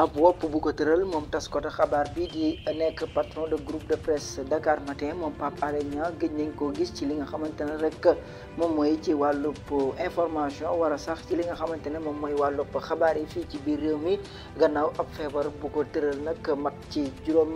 ab wopp bu ko tëral moom taskatu xabaar bi di nekk patron de groupe de presse Dakar Matin moom Pape Alé Niang gëj nañ koo gis ci li nga xamante ne rek moom mooy ci wàllub information wara sax li nga xamante ne moom mooy wàllub xabaar yi fii ci biir réew mi gannaaw ab feebar bu ko tëral nag mat ci juróom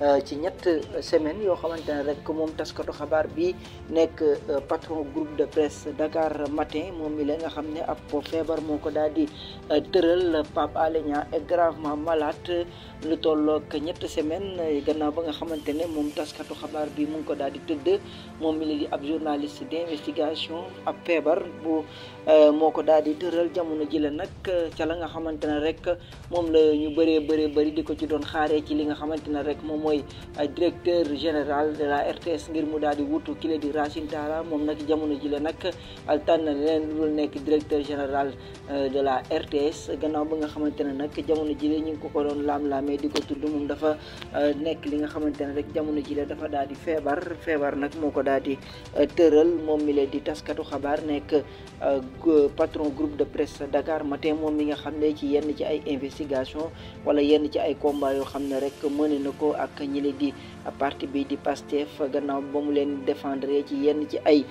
euh, ci ñett semaine yoo xamante ne rek moom taskatu xabaar bi nekk euh, patron groupe de presse Dakar Matin moom mi nga xam ne ab feebar moo ko daal euh, tëral Pape Alé Niang est gravement malade lu tollook ñett semaine gannaaw ba nga xamante ne moom taskatu xabaar bi mu ko daal di tëdd moom mi la di ab journaliste d'investigation ab feebar bu euh, moo ko daal di tëral jamono ji la nag ca la nga xamante ne rek moom la ñu bëree bëree bëri di ko ci doon xaaree ci li nga xamante ne rek moom mooy euh, directeur général de la RTS ngir mu daal di wutu kile di Racine Talla moom nag jamono ji la nag tànn leen lu nekk directeur général euh, de la RTS gannaaw ba nga xamante ne nag jamono jile ñu ngi ko ko doon laam-laamee di ko tudd moom dafa euh, nekk li nga xamante ne rek jamono jile dafa daal di feebar feebar nag moo ko daal di euh, tëral moom mi leen di taskatu xabaar nekk euh, patron groupe de presse Dakar Matin moom nga xam ne ci yenn ci ay investigation wala yenn ci ay combat yoo xam ne rek mëne na ko ak ñile leen di parti bi di Pastef gannaaw ba mu leen défendre ci yenn ci ay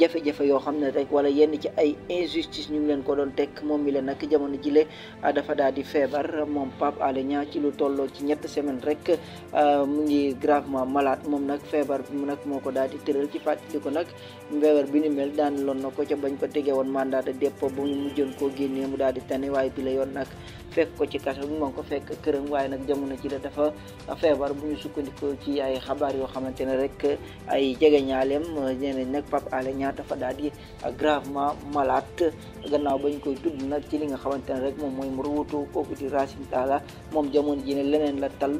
jafe-jafe yoo xam ne rek wala yenn ci ay injustice ñu ngi leen ko doon tek moom mi leen nag jamono jile dafa daal di feebar moom Pape Alé Niang ci lu tolloo ci ñett semaine rek euh, mu ngi gravement malaat moom nag feebar bi nag moo ko daal di tëral ci fàttali ko nag feebar bi ni mel daan loon na ko ca bañ ko tegee woon mandat de dépôt bu mu mujjoon koo mu daal di tane waaye bi yoon nag fekk ko ci kaso bi moo ko fekk këram waaye nag jamono ci la dafa feebar bu ñu sukkandikoo ci ay xabaar yoo xamante ne rek ay jegeñaaleem nee nañ nag Pape Alé Niang dafa daal di gravement malade gannaaw bañ koy tudd nag ci li nga xamante ne rek moom mooy mu ruutu kooku di Racine taala moom jamono ji ne leneen la tal